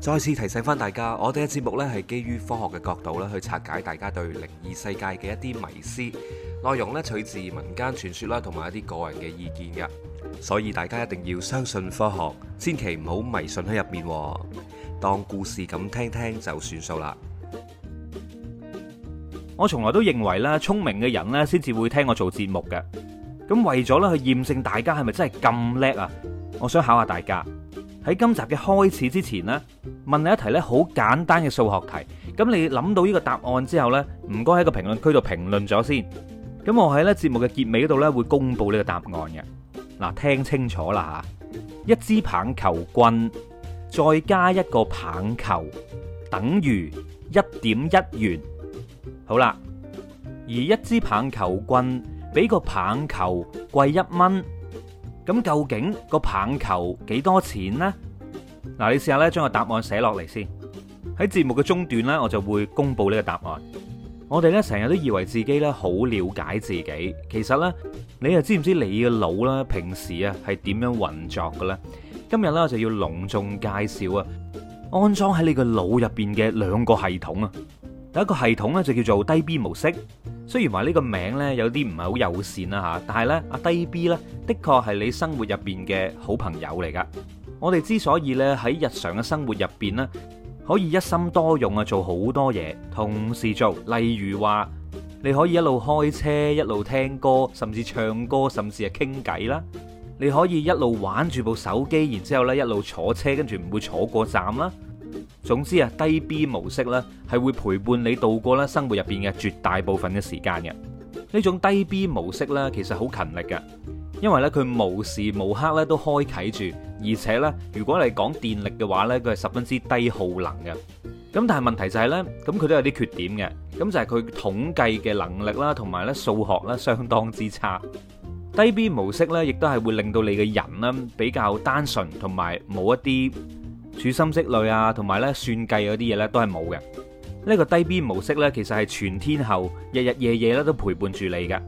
再次提醒翻大家，我哋嘅節目咧係基於科學嘅角度咧去拆解大家對靈異世界嘅一啲迷思，內容咧取自民間傳說啦，同埋一啲個人嘅意見嘅，所以大家一定要相信科學，千祈唔好迷信喺入面，當故事咁聽聽就算數啦。我從來都認為啦，聰明嘅人咧先至會聽我做節目嘅，咁為咗咧去驗證大家係咪真係咁叻啊，我想考下大家。喺今集嘅開始之前呢，問你一題咧好簡單嘅數學題。咁你諗到呢個答案之後呢，唔該喺個評論區度評論咗先。咁我喺呢節目嘅結尾度咧會公布呢個答案嘅。嗱，聽清楚啦嚇，一支棒球棍再加一個棒球等於一點一元。好啦，而一支棒球棍比個棒球貴一蚊。咁究竟個棒球幾多錢呢？嗱，你試下咧將個答案寫落嚟先。喺節目嘅中段咧，我就會公布呢個答案。我哋咧成日都以為自己咧好了解自己，其實呢，你又知唔知你嘅腦咧平時啊係點樣運作嘅咧？今日咧我就要隆重介紹啊，安裝喺你個腦入邊嘅兩個系統啊！有一個系統咧就叫做低 B 模式，雖然話呢個名呢，有啲唔係好友善啦吓，但係呢，阿低 B 呢，的確係你生活入邊嘅好朋友嚟噶。我哋之所以呢，喺日常嘅生活入邊呢，可以一心多用啊，做好多嘢，同時做，例如話你可以一路開車一路聽歌，甚至唱歌，甚至係傾偈啦。你可以一路玩住部手機，然之後咧一路坐車，跟住唔會坐過站啦。總之啊，低 B 模式咧係會陪伴你度過咧生活入邊嘅絕大部分嘅時間嘅。呢種低 B 模式咧其實好勤力嘅，因為咧佢無時無刻咧都開啟住，而且咧如果你講電力嘅話咧，佢係十分之低耗能嘅。咁但係問題就係咧，咁佢都有啲缺點嘅，咁就係佢統計嘅能力啦，同埋咧數學咧相當之差。低 B 模式咧亦都係會令到你嘅人咧比較單純，同埋冇一啲，處心積慮啊，同埋咧算計嗰啲嘢咧都係冇嘅。呢個低 B 模式咧，其實係全天候、日日夜夜咧都陪伴住你嘅。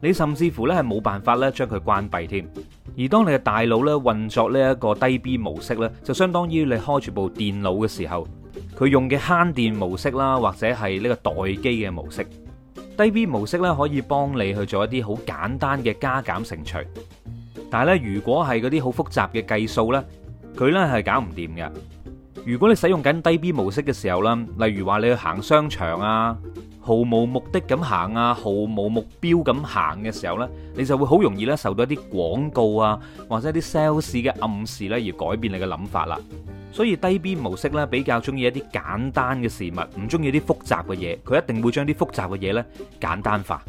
你甚至乎咧係冇辦法咧將佢關閉添。而當你嘅大腦咧運作呢一個低 B 模式咧，就相當於你開住部電腦嘅時候，佢用嘅慳電模式啦，或者係呢個待機嘅模式。低 B 模式咧可以幫你去做一啲好簡單嘅加減乘除，但係咧，如果係嗰啲好複雜嘅計數咧。佢呢係搞唔掂嘅。如果你使用緊低 B 模式嘅時候啦，例如話你去行商場啊，毫無目的咁行啊，毫無目標咁行嘅時候呢，你就會好容易呢受到一啲廣告啊，或者一啲 sales 嘅暗示呢，而改變你嘅諗法啦。所以低 B 模式呢，比較中意一啲簡單嘅事物，唔中意啲複雜嘅嘢。佢一定會將啲複雜嘅嘢呢簡單化。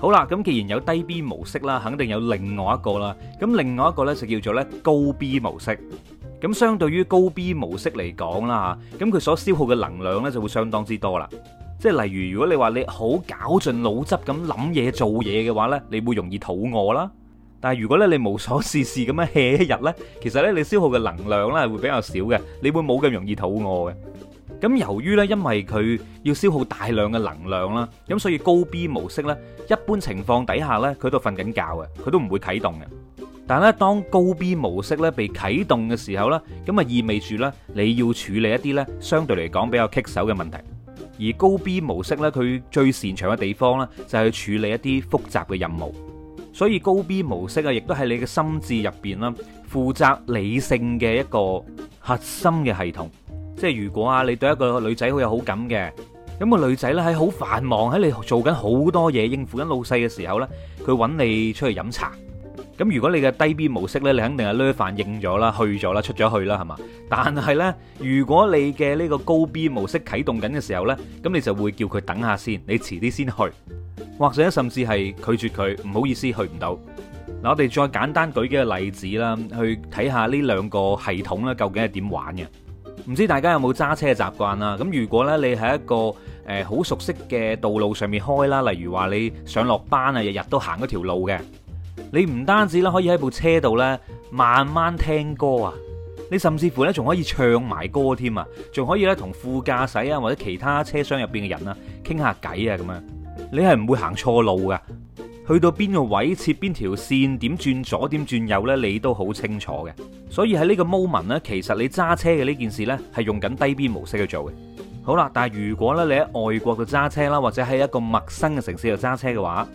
好啦，咁既然有低 B 模式啦，肯定有另外一個啦。咁另外一個呢就叫做呢高 B 模式。咁相對於高 B 模式嚟講啦，咁佢所消耗嘅能量呢就會相當之多啦。即係例如如果你話你好絞盡腦汁咁諗嘢做嘢嘅話呢，你會容易肚餓啦。但係如果呢你無所事事咁樣 hea 一日呢，其實呢你消耗嘅能量呢會比較少嘅，你會冇咁容易肚餓嘅。咁由於呢，因為佢要消耗大量嘅能量啦，咁所以高 B 模式呢，一般情況底下呢，佢都瞓緊覺嘅，佢都唔會啟動嘅。但係咧，當高 B 模式呢被啟動嘅時候呢，咁啊意味住呢，你要處理一啲呢相對嚟講比較棘手嘅問題。而高 B 模式呢，佢最擅長嘅地方呢，就係處理一啲複雜嘅任務。所以高 B 模式啊，亦都係你嘅心智入邊啦，負責理性嘅一個核心嘅系統。即係如果啊，你對一個女仔好有好感嘅，咁個女仔咧喺好繁忙，喺你做緊好多嘢，應付緊老細嘅時候呢，佢揾你出去飲茶。咁如果你嘅低 B 模式呢，你肯定係攬飯應咗啦，去咗啦，出咗去啦，係嘛？但係呢，如果你嘅呢個高 B 模式啟動緊嘅時候呢，咁你就會叫佢等下先，你遲啲先去，或者甚至係拒絕佢，唔好意思去唔到。嗱，我哋再簡單舉幾個例子啦，去睇下呢兩個系統咧究竟係點玩嘅。唔知大家有冇揸車嘅習慣啊？咁如果呢，你喺一個誒好熟悉嘅道路上面開啦，例如話你上落班啊，日日都行嗰條路嘅，你唔單止咧可以喺部車度呢慢慢聽歌啊，你甚至乎呢仲可以唱埋歌添啊，仲可以呢同副駕駛啊或者其他車廂入邊嘅人啊傾下偈啊咁樣，你係唔會行錯路噶。去到邊個位，切邊條線，點轉左，點轉右呢，你都好清楚嘅。所以喺呢個 moment，呢其實你揸車嘅呢件事呢，係用緊低 B 模式去做嘅。好啦，但係如果咧你喺外國嘅揸車啦，或者喺一個陌生嘅城市度揸車嘅話，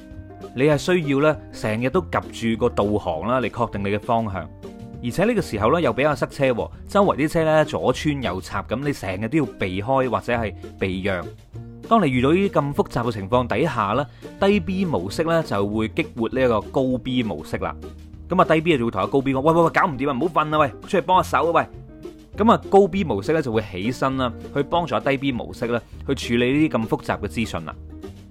你係需要呢，成日都及住個導航啦嚟確定你嘅方向，而且呢個時候呢，又比較塞車，周圍啲車呢，左穿右插咁，你成日都要避開或者係避讓。當你遇到呢啲咁複雜嘅情況底下咧，低 B 模式咧就會激活呢一個高 B 模式啦。咁啊，低 B 就會同阿高 B 講：喂喂喂，搞唔掂啊，唔好瞓啦，喂，出嚟幫下手啊！喂，咁啊，高 B 模式咧就會起身啦，去幫助阿低 B 模式咧去處理呢啲咁複雜嘅資訊啦。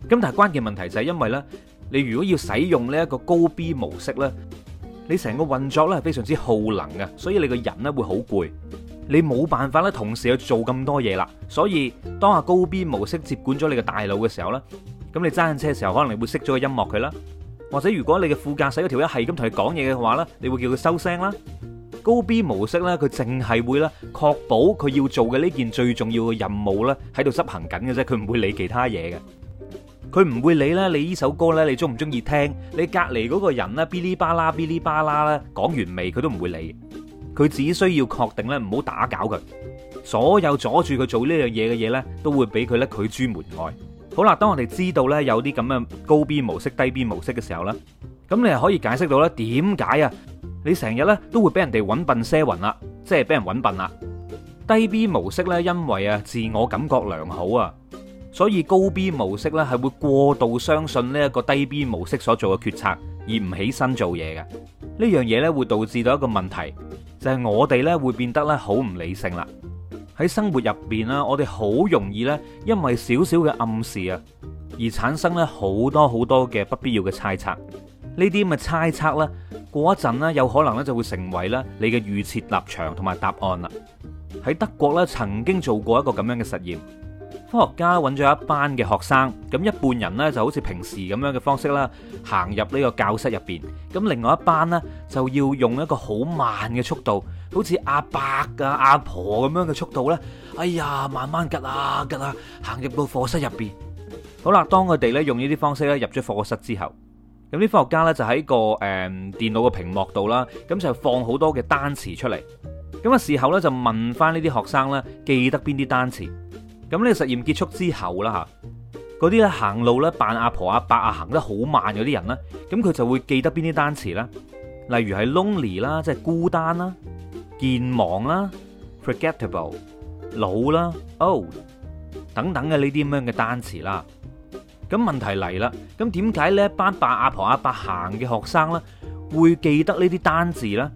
咁但係關鍵問題就係因為咧，你如果要使用呢一個高 B 模式咧，你成個運作咧係非常之耗能嘅，所以你個人咧會好攰。你冇辦法咧，同時去做咁多嘢啦，所以當阿高 B 模式接管咗你個大腦嘅時候咧，咁你揸緊車嘅時候，可能你會熄咗個音樂佢啦，或者如果你嘅副駕駛嗰條一係咁同你講嘢嘅話咧，你會叫佢收聲啦。高 B 模式咧，佢淨係會咧確保佢要做嘅呢件最重要嘅任務咧喺度執行緊嘅啫，佢唔會理其他嘢嘅，佢唔會理咧你呢首歌咧，你中唔中意聽？你隔籬嗰個人咧嗶哩吧啦嗶哩吧啦咧講完未？佢都唔會理。佢只需要確定咧，唔好打攪佢。所有阻住佢做呢樣嘢嘅嘢呢，都會俾佢拒諸門外。好啦，當我哋知道呢有啲咁嘅高 B 模式、低 B 模式嘅時候呢，咁你係可以解釋到呢點解啊，你成日呢都會俾人哋揾笨些雲啦，即係俾人揾笨啦。低 B 模式呢，因為啊自我感覺良好啊，所以高 B 模式呢係會過度相信呢一個低 B 模式所做嘅決策，而唔起身做嘢嘅呢樣嘢呢，會導致到一個問題。就係我哋咧，會變得咧好唔理性啦。喺生活入邊啦，我哋好容易咧，因為少少嘅暗示啊，而產生咧好多好多嘅不必要嘅猜測。呢啲咁嘅猜測咧，過一陣咧，有可能咧就會成為咧你嘅預設立場同埋答案啦。喺德國咧，曾經做過一個咁樣嘅實驗。科學家揾咗一班嘅學生，咁一半人呢就好似平時咁樣嘅方式啦，行入呢個教室入邊。咁另外一班呢，就要用一個好慢嘅速度，好似阿伯啊、阿婆咁樣嘅速度呢，哎呀，慢慢吉啊，吉啊，行入到課室入邊。好啦，當佢哋呢用呢啲方式咧入咗課室之後，咁啲科學家呢就喺個誒、嗯、電腦嘅屏幕度啦，咁就放好多嘅單詞出嚟。咁啊，事後呢，就問返呢啲學生呢，記得邊啲單詞。咁呢個實驗結束之後啦嚇，嗰啲咧行路咧扮阿婆阿伯啊行得好慢嗰啲人咧，咁佢就會記得邊啲單詞咧？例如係 lonely 啦，即係孤單啦，健忘啦，forgettable，老啦，old、哦、等等嘅呢啲咁樣嘅單詞啦。咁問題嚟啦，咁點解呢一班扮阿婆阿伯行嘅學生咧會記得呢啲單字咧？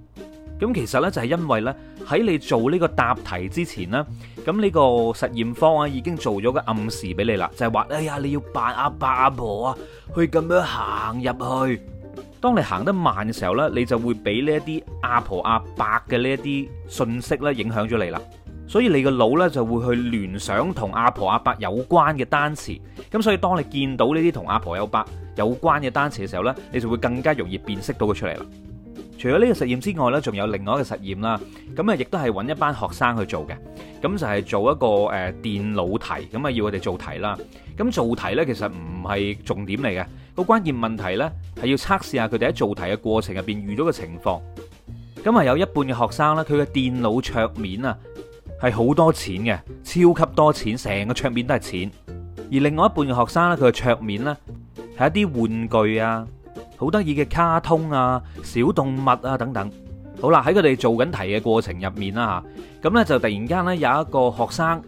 咁其實咧就係因為咧。喺你做呢個答題之前呢，咁呢個實驗方啊已經做咗個暗示俾你啦，就係話：哎呀，你要扮阿伯阿婆啊，去咁樣行入去。當你行得慢嘅時候呢，你就會俾呢一啲阿婆阿伯嘅呢一啲信息呢影響咗你啦。所以你嘅腦呢就會去聯想同阿婆阿伯有關嘅單詞。咁所以當你見到呢啲同阿婆阿伯有關嘅單詞嘅時候呢，你就會更加容易辨識到佢出嚟啦。除咗呢個實驗之外呢，仲有另外一個實驗啦。咁啊，亦都係揾一班學生去做嘅。咁就係做一個誒電腦題，咁啊要佢哋做題啦。咁做題呢，其實唔係重點嚟嘅，個關鍵問題呢，係要測試下佢哋喺做題嘅過程入邊遇到嘅情況。咁啊，有一半嘅學生呢，佢嘅電腦桌面啊係好多錢嘅，超級多錢，成個桌面都係錢。而另外一半嘅學生呢，佢嘅桌面呢，係一啲玩具啊。好得意嘅卡通啊，小動物啊等等。好啦，喺佢哋做緊題嘅過程入面啦吓，咁呢就突然間呢，有一個學生咁啊、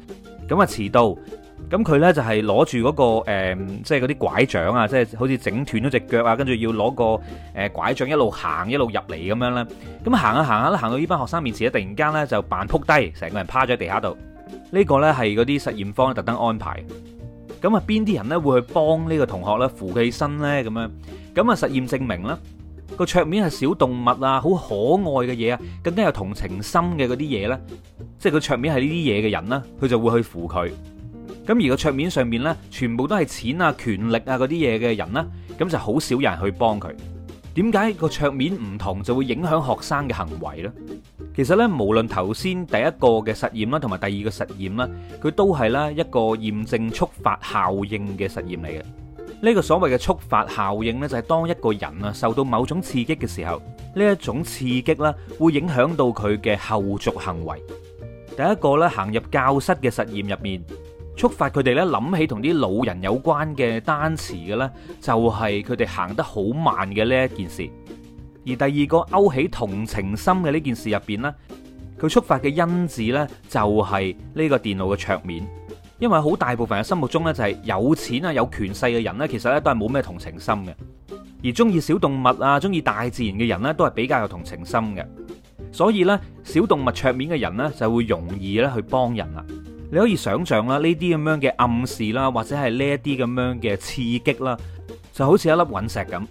那個、遲到，咁佢呢，就係攞住嗰個、呃、即係嗰啲拐杖啊，即係好似整斷咗隻腳啊，跟住要攞個誒拐杖一路行一路入嚟咁樣咧。咁行下行下啦，行到呢班學生面前咧，突然間呢，就扮仆低，成個人趴咗喺地下度。呢、這個呢，係嗰啲實驗方特登安排。咁啊，邊啲人咧會去幫呢個同學咧扶起身咧？咁樣咁啊，實驗證明啦，個桌面係小動物啊，好可愛嘅嘢啊，更加有同情心嘅嗰啲嘢咧，即係個桌面係呢啲嘢嘅人啦，佢就會去扶佢。咁而個桌面上面咧，全部都係錢啊、權力啊嗰啲嘢嘅人啦，咁就好少人去幫佢。點解個桌面唔同就會影響學生嘅行為呢？其實呢，無論頭先第一個嘅實驗啦，同埋第二個實驗啦，佢都係咧一個驗證觸發效應嘅實驗嚟嘅。呢個所謂嘅觸發效應呢，就係當一個人啊受到某種刺激嘅時候，呢一種刺激呢，會影響到佢嘅後續行為。第一個咧行入教室嘅實驗入面。觸發佢哋咧諗起同啲老人有關嘅單詞嘅咧，就係佢哋行得好慢嘅呢一件事。而第二個勾起同情心嘅呢件事入邊咧，佢觸發嘅因子咧就係呢個電腦嘅桌面，因為好大部分人心目中咧就係有錢啊有權勢嘅人咧，其實咧都係冇咩同情心嘅，而中意小動物啊中意大自然嘅人咧都係比較有同情心嘅，所以咧小動物桌面嘅人咧就會容易咧去幫人啦。你可以想象啦，呢啲咁樣嘅暗示啦，或者係呢一啲咁樣嘅刺激啦，就好似一粒隕石咁。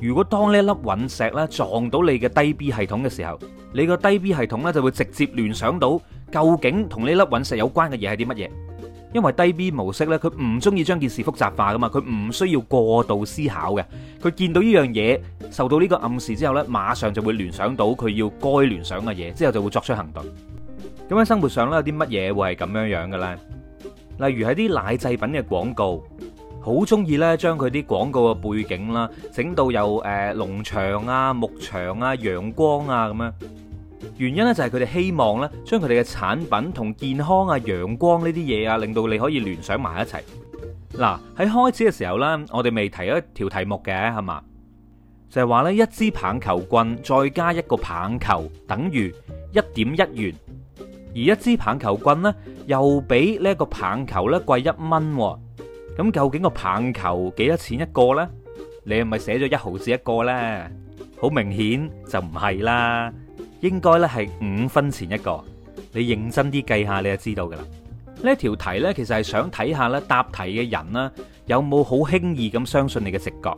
如果當呢一粒隕石咧撞到你嘅低 B 系統嘅時候，你個低 B 系統咧就會直接聯想到究竟同呢粒隕石有關嘅嘢係啲乜嘢。因為低 B 模式咧，佢唔中意將件事複雜化噶嘛，佢唔需要過度思考嘅。佢見到呢樣嘢受到呢個暗示之後咧，馬上就會聯想到佢要該聯想嘅嘢，之後就會作出行動。咁喺生活上咧，有啲乜嘢會係咁樣樣嘅咧？例如係啲奶製品嘅廣告，好中意咧將佢啲廣告嘅背景啦，整到有誒農場啊、牧場啊、陽光啊咁樣。原因咧就係佢哋希望咧將佢哋嘅產品同健康啊、陽光呢啲嘢啊，令到你可以聯想埋一齊。嗱喺開始嘅時候啦，我哋未提咗條題目嘅係嘛，就係話咧一支棒球棍再加一個棒球等於一點一元。而一支棒球棍呢，又比呢一個棒球呢貴一蚊喎。咁究竟個棒球幾多錢一個呢？你係咪寫咗一毫子一個呢？好明顯就唔係啦，應該呢係五分錢一個。你認真啲計下，你就知道噶啦。呢條題呢，其實係想睇下呢答題嘅人呢，有冇好輕易咁相信你嘅直覺？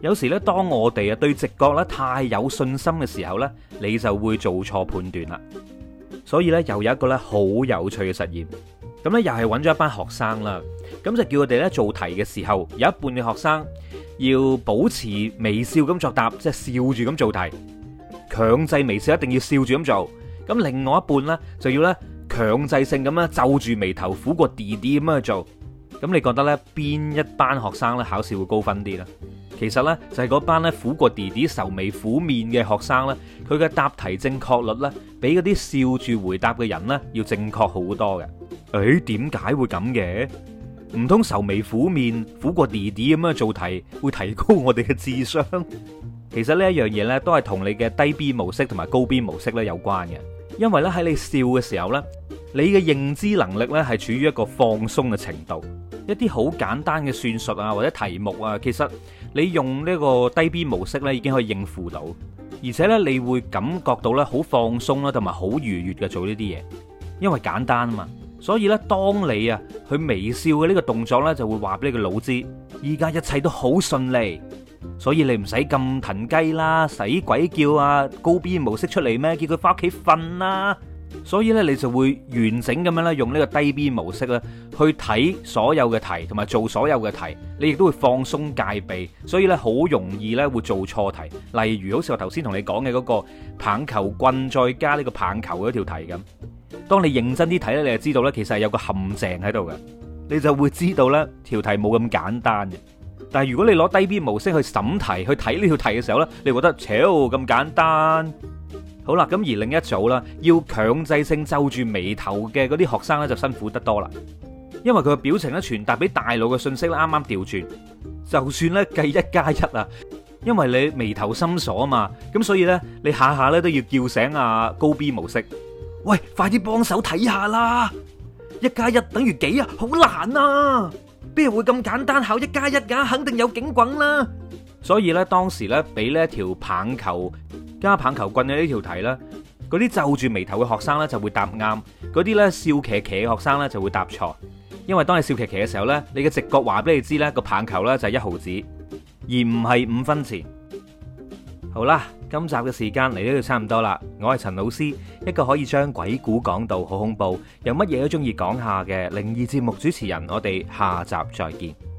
有時呢，當我哋啊對直覺呢太有信心嘅時候呢，你就會做錯判斷啦。所以咧，又有一個咧好有趣嘅實驗，咁咧又係揾咗一班學生啦，咁就叫佢哋咧做題嘅時候，有一半嘅學生要保持微笑咁作答，即係笑住咁做題，強制微笑，一定要笑住咁做，咁另外一半呢，就要咧強制性咁咧皺住眉頭，苦過弟弟咁樣去做，咁你覺得咧邊一班學生咧考試會高分啲呢？其實呢，就係嗰班咧苦過弟弟愁眉苦面嘅學生呢，佢嘅答題正確率呢，比嗰啲笑住回答嘅人呢，要正確好多嘅。誒，點解會咁嘅？唔通愁眉苦面苦過弟弟咁樣做題，會提高我哋嘅智商？其實呢一樣嘢呢，都係同你嘅低 B 模式同埋高 B 模式呢有關嘅。因為咧，喺你笑嘅時候咧，你嘅認知能力咧係處於一個放鬆嘅程度，一啲好簡單嘅算術啊或者題目啊，其實你用呢個低 B 模式咧已經可以應付到，而且咧你會感覺到咧好放鬆啦同埋好愉悅嘅做呢啲嘢，因為簡單啊嘛，所以咧當你啊去微笑嘅呢個動作咧就會話俾你個腦知，而家一切都好順利。所以你唔使咁騰雞啦，使鬼叫啊高 B 模式出嚟咩？叫佢翻屋企瞓啦。所以咧，你就會完整咁樣咧，用呢個低 B 模式咧去睇所有嘅題，同埋做所有嘅題。你亦都會放鬆戒備，所以咧好容易咧會做錯題。例如好似我頭先同你講嘅嗰個棒球棍再加呢個棒球嗰條題咁。當你認真啲睇咧，你就知道咧其實係有個陷阱喺度嘅，你就會知道咧條題冇咁簡單嘅。但係如果你攞低 B 模式去審題去睇呢條題嘅時候咧，你覺得超咁簡單。好啦，咁而另一組啦，要強制性皺住眉頭嘅嗰啲學生咧就辛苦得多啦，因為佢嘅表情咧傳達俾大腦嘅信息咧啱啱調轉，就算咧計一加一啊，因為你眉頭深鎖啊嘛，咁所以咧你下下咧都要叫醒阿高 B 模式，喂，快啲幫手睇下啦，一加一等於幾啊？好難啊！邊會咁簡單考一加一㗎？肯定有景轟啦！所以咧，當時咧，俾呢一條棒球加棒球棍嘅呢條題啦，嗰啲皺住眉頭嘅學生咧就會答啱，嗰啲咧笑騎騎嘅學生咧就會答錯。因為當你笑騎騎嘅時候咧，你嘅直覺話俾你知咧，個棒球咧就係一毫子，而唔係五分錢。好啦。今集嘅時間嚟到，就差唔多啦，我係陳老師，一個可以將鬼故講到好恐怖，又乜嘢都中意講下嘅靈異節目主持人，我哋下集再見。